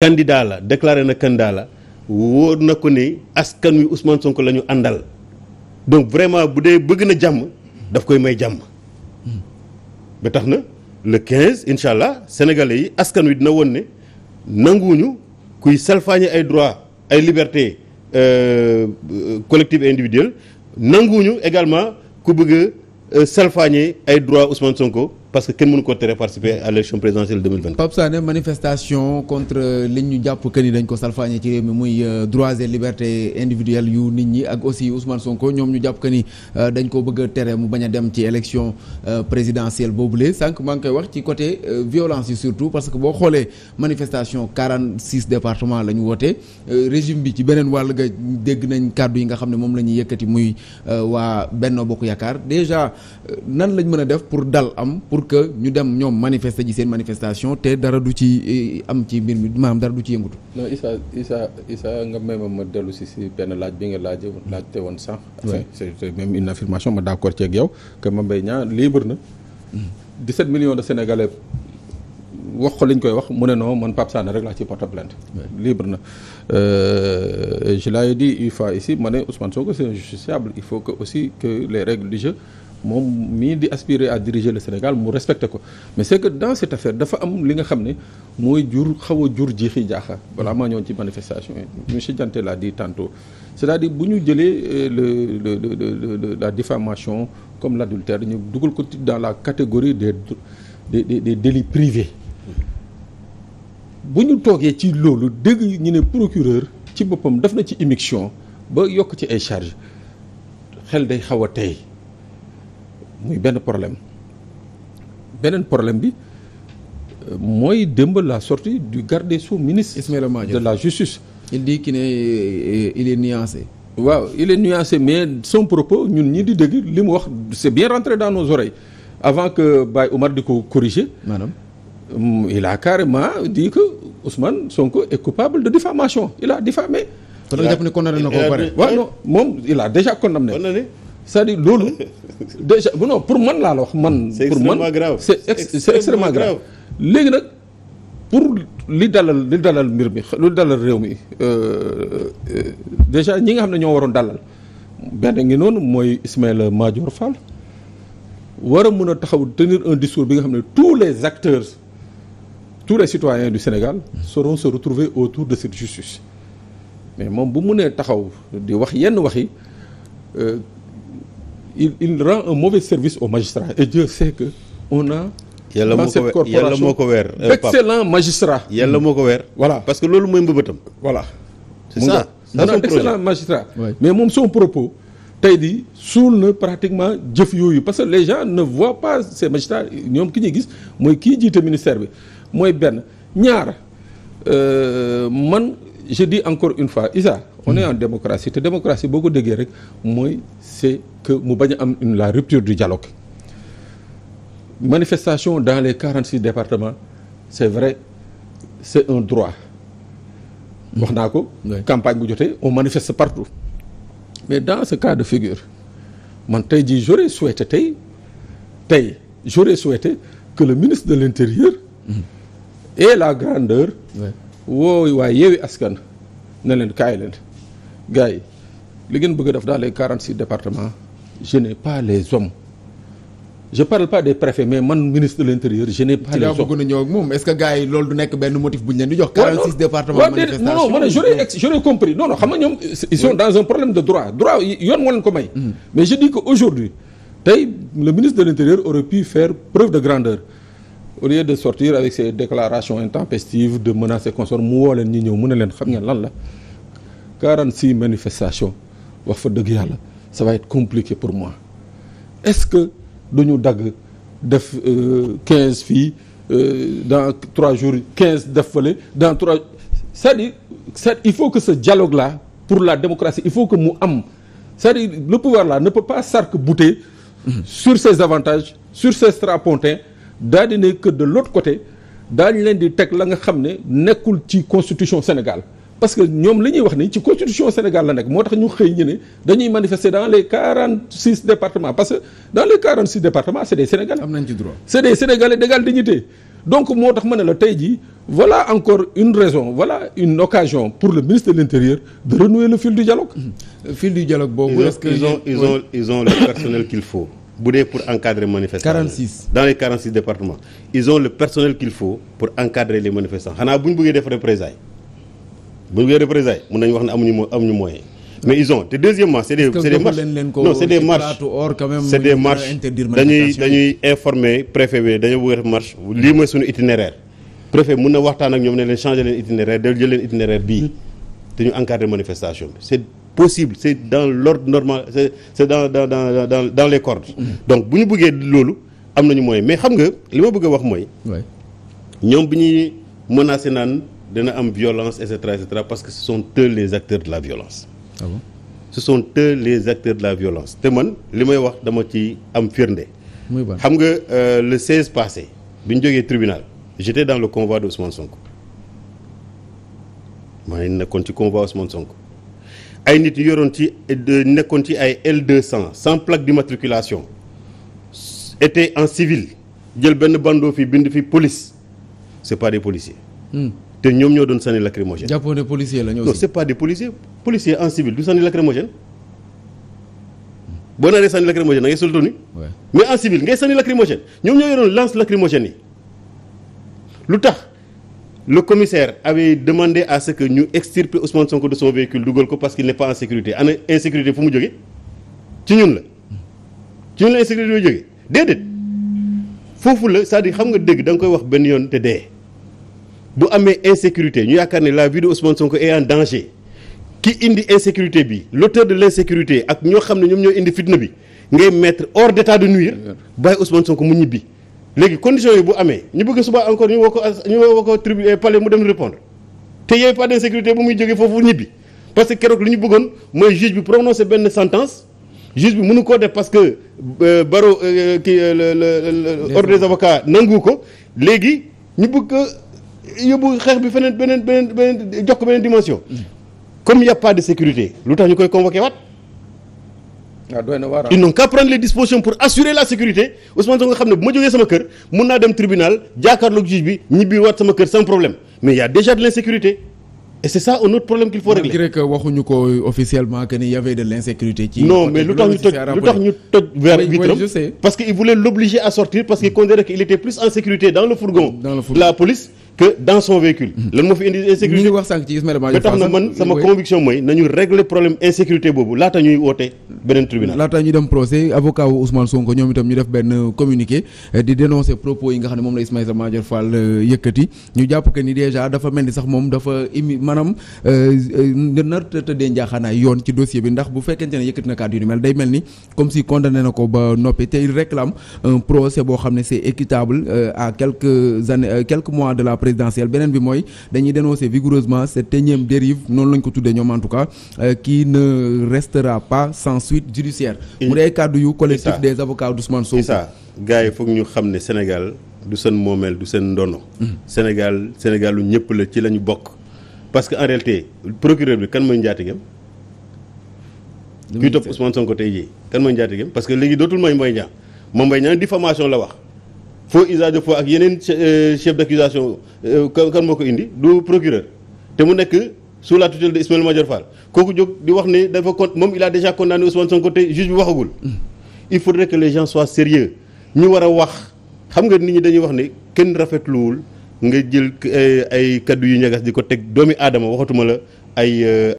candidat la déclaré na candidat la wóor na ko ni askan wi Ousmane Sonko lañu ñu àndal donc vraiment bu dee bëgg na jàmm daf koy may jàmm ba tax na le 15 incha allah sénégalais yi askan wi dina woon ne nanguwuñu kuy salfaañe ay droits ay liberté euh, collective et individuelle nanguwuñu également ku bëgg a euh, salfaañe ay droits Ousmane Sonko parce que kenn mënu ko tere participer à l'élection présidentielle 2024. Pape Sané manifestation contre li ñu jàpp que ni dañ ko salfaañee ci réew mi muy euh, droits et libertés yu nit ñi ak aussi Ousmane Sonko ñoom ñu jàpp que ni euh, dañ ko bëgg tere mu bañ a dem ci élection euh, présidentielle boobule sànq maa ngi koy wax ci côté violence yi surtout parce que boo xoolee manifestation 46 départements la ñu woote régime bi ci beneen wàll ga dégg nañ kàddu yi nga xam ne moom la ñuy yëkkati muy waa Benno Bokk Yaakaar déjà nan lañ mën a def pour dal am. pour que ñu dem ñoom manifester ji seen manifestation te dara du ci e, am ci mbir mi maanaam dara du ci yëngatu. non Issa Issa Issa nga may ma ma dellu si si benn laaj bi nga laaj laajte woon sànq. oui c'est même une affirmation ma d'accord ceeg yow que Mame Mbaye Niang libre na. 17 millions de Sénégalais wax ko lañ koy wax mu ne noo man Pape Sané rek laa ci porte plainte libre na euh, je l'ai dit une fois ici ma ne Ousmane Sonko c'est injusticiable il faut que aussi que les règles du jeu. moom mii di aspirer à diriger le Sénégal mu respecte ko mais c'est que dans cette affaire dafa am li nga xam ne mooy jur xaw a jur jiixi jaaxa balaa maa ñëw ci manifestation yi monsieur Dianté l'a di tantôt c'est-à-dire bu ñu jëlee euh, le le le la diffamation comme l'adultère ñu dugal ko dans la catégorie de des des, des délits privés bu ñu toogee ci loolu dégg ñu ne procureur ci boppam def na ci immixtion ba yokk ci ay charge xel day xaw a tey muy benn problème beneen problème bi mooy démb la sortie du garde des sceaux ministre de la justice il dit qu'il est il est nuancé waaw il est nuancé mais son propos ñun ñii di dégg li mu wax c'est bien rentré dans nos oreilles avant que Baye Omar di ko corriger maanaam il a di dit que son Sonko est coupable de diffamation il a diffamé kon nag jàpp ne condamné na ko ba pare waaw non moom il a déjà condamné cest à loolu déjà non pour man laa la wax man. pour man c'est ex c'est extrêmement grave léegi nag pour li dalal li dalal mbir mi lu dalal réew mi euh, euh, déjà ñi nga xam ne ñoo waroon dalal benn ngi noonu mooy Ismaïla Madior Fall war a mën a taxaw tenir un discours bi nga xam ne tous les acteurs tous les citoyens du Sénégal seront se retrouver autour de cette justice mais moom bu mënee taxaw di wax yenn wax yi. Euh, il il rend un mauvais service aux magistrats et Dieu sait que on a yàlla moo ko weer yàlla moo ko weer eh, d'excellents magistrats yàlla moo ko weer voilà parce que loolu mooy mbëbëtam voilà c'est ça on a d'excellents magistrats mais moom son propos tey di suul na pratiquement jëf yooyu parce que les gens ne voient pas ces magistrats ñoom ki ñuy gis mooy kii jiite ministère bi mooy benn ñaar euh, man je di encore une fois Isa on est en démocratie te démocratie boo ko déggee rek mooy c'est que mu bañ a am une la rupture du dialogue manifestation dans les quarante six départements c'est vrai c'est un droit wax naa ko campagne bu jotee on manifeste partout mais dans ce cas de figure man tey jii j'aurais souhaité tey tey j'aurais souhaité que le ministre de l'intérieur mm. ait la grandeur wooy waaye yeewi askan ne leen kaay leen gars li ngeen bëgg a def dans les quarante six départements je n'ai pas les hommes je parle pas des préfets mais man ministre de l'intérieur je n'ai pas les hommes. moom est-ce que gars loolu du nekk benn motif bu ñu leen di jox. 46 départements manifestation non non man j'aurais j'aurais compris non non xam nga ñoom. ils sont dans un problème de droit droit yoon moo leen ko may. Mm. mais je dis que aujourd'hui tey le ministre de au lieu de sortir avec ces déclarations intempestives de menaces et consorts mu woo leen ñi ñëw mu ne leen xam ngeen lan la 46 manifestations wax fa dëgg yàlla ça va être compliqué pour moi est-ce que du ñu dagg def 15 euh, fii euh, dans trois jours quinze def fële dans 3 c'est-à-dire il faut que ce dialogue-là pour la démocratie il faut que mu am c'est-à-dire le pouvoir-là ne peut pas s'arc-bouter mmh. sur ses avantages sur ses strapontins daal di ne que de lot côté daañu leen di teg la nga xam ne nekkul ci constitution Sénégal parce que ñoom li ñuy wax ni ci constitution Sénégal la nekk moo tax ñu xëy ñu ne dañuy manifester dans les quarante six départements parce que dans les quarante six départements c' est des sénégalais. am nañ ci droit donc moo tax ma ne la tey jii voilà encore une raison voilà une occasion pour le ministre de l' intérieur de renouer le fil du dialogue. fil du dialogue boobu. est-ce bu dee pour encadrer manifestation 46 dans les 46 départements ils ont le personnel qu'il faut pour encadrer les manifestants xanaa bu ñu bëggee def représailles bu ñu bëggee représailles mën nañu wax ne amuñu amuñu moyen mais ils te deuxièmement c'est des c'est des marches non c'est des marches c'est des marches dañuy dañuy informer préfet bi dañoo bëgg def marche lii mooy suñu itinéraire préfet mën na waxtaan ak ñoom ne leen changer leen itinéraire del jël leen itinéraire bii hmm. te ñu encadrer manifestation possible c' dans l'ordre normal c' est c' est dans dans dans dans dans les mm-hmm. donc bu ñu bëggee loolu am nañu mooy mais xam nga li ma bëgg a wax mooy. ñoom bi ñuy menacé naan dana am violence et cetera et parce que ce sont eux les acteurs de la violence. Ah bon? ce les acteurs de la te man li may wax dama ci am firnde. xam nga euh, le 16 passé bi ñu jógee tribunal j'étais dans le convoi de Ousmane Sonko maa ngi nekkoon ci convoi Ousmane Sonko. ay nit yoroon ci nekkoon ci ay L200 sans plaque d'immatriculation était en civil jël benn bandoo fi bind fi police c'est pas des policiers. Hmm. te ñoom ñoo doon sànni lacrymogène. jàppoon ne policier la ñoo non c'est pas des policiers policier en civil du sànni lacrymogène boo naree sànni lacrymogène da ngay sol tenue mais en civil ngay sànni lacrymogène ñoom ñoo yoroon lance lacrymogène yi lu tax. le commissaire avait demandé à ce que ñu extirper Ousmane Sonko de son véhicule dugal ko parce qu'il n'est pas en sécurité ana insécurité fu mu jógee ci ñun la ci ñun la insécurité yooyu jógee déedéet foofu la c'est-à-dire xam nga dëgg da nga koy wax benn yoon te dee bu amee insécurité ñu yaakaar ne la vie de Ousmane Sonko est en danger ki indi insécurité bi l'auteur de l'insécurité ak ñoo xam ne ñoom ñoo indi fitna bi ngay mettre or d'état de nuire bàyyi Ousmane Sonko mu ñibbi. léegi condition yi bu amee ñu bëgg suba encore ñu woo ko ñu woo ko tribunal eh, palais mu dem répondre te yooyu pas de sécurité bu muy jógee foofu ñibbi parce que keroog li ñu bëggoon mooy juge bi prononcé benn sentence juge bi mënu koo def parce que euh, barreau euh, kii euh, ordre des avocats nangu ko léegi ñu bëgg yóbbu xeex bi feneen beneen beneen beneen jox ko beneen dimension mm. comme y a pas de sécurité lu tax ñu koy convoqué waat Ah, ah. ils n'ont qu'à prendre les dispositions pour assurer la sécurité Ousmane Sonko nga xam ne bu ma jógee sama kër mun naa dem tribunal jàkkaarloog juge bi ñibbi waat sama kër sans problème mais il déjà de l'insécurité et c'est ça un autre problème qu'il faut régler. waxuñu ko officiellement que ni y avait de ci non mais lu tax ñu toj lu tax ñu toj vers vitram parce que il voulait l'obliger à sortir parce qu'il considérait qu'il était plus en sécurité dans que dans son véhicule. Hmm. lan moo fi indi insécurité ñu wax sànq ci Ismaïla Madior Fall eh, Fall eh, yëkkati ñu jàpp que ni déjà dafa mel ni sax moom dafa imi maanaam eh, nar tëddee njaaxaanaay yoon ci dossier bi ndax bu fekkente ne yëkkati na kàddu yu ni mel day mel ni comme si condamné na ko ba noppi te il réclame procès boo xam ne c'est équitable à quelques années quelques mois de la présidentielle beneen bi mooy dañuy dénoncer vigoureusement cette énième dérive noonu lañ ko tuddee ñoom en tout cas euh, qui ne restera pas sans suite judiciaire mu dee kàddu yu collectif des avocats d'Ousmane Sonko ça gars yi foog ñu xam ne Sénégal du seen moomeel du seen ndono mm. Sénégal Sénégal lu ñëpp la ci lañu ñu bokk parce que en réalité procureur bi kan mooy njaatigam kuy topp Ousmane Sonko tey jii kan mooy njaatigam parce que léegi dootul mooy Mbaye Niang moom Mbaye Niang diffamation faux usage de ak yeneen euh, chef d'accusation euh, kan moo ko indi du procureur te mu nekk sous la tutelle de Ismaël Madior Fall kooku jóg di wax ne dafa compte moom il a déjà condamné Ousmane Sonko te juge bi waxagul il faudrait que les gens soient sérieux ñu war a wax xam nga nit ñi dañuy wax ne kenn rafetluwul nga jël euh, ay kaddu yu ñagas di ko teg doomi aadama waxatuma la ay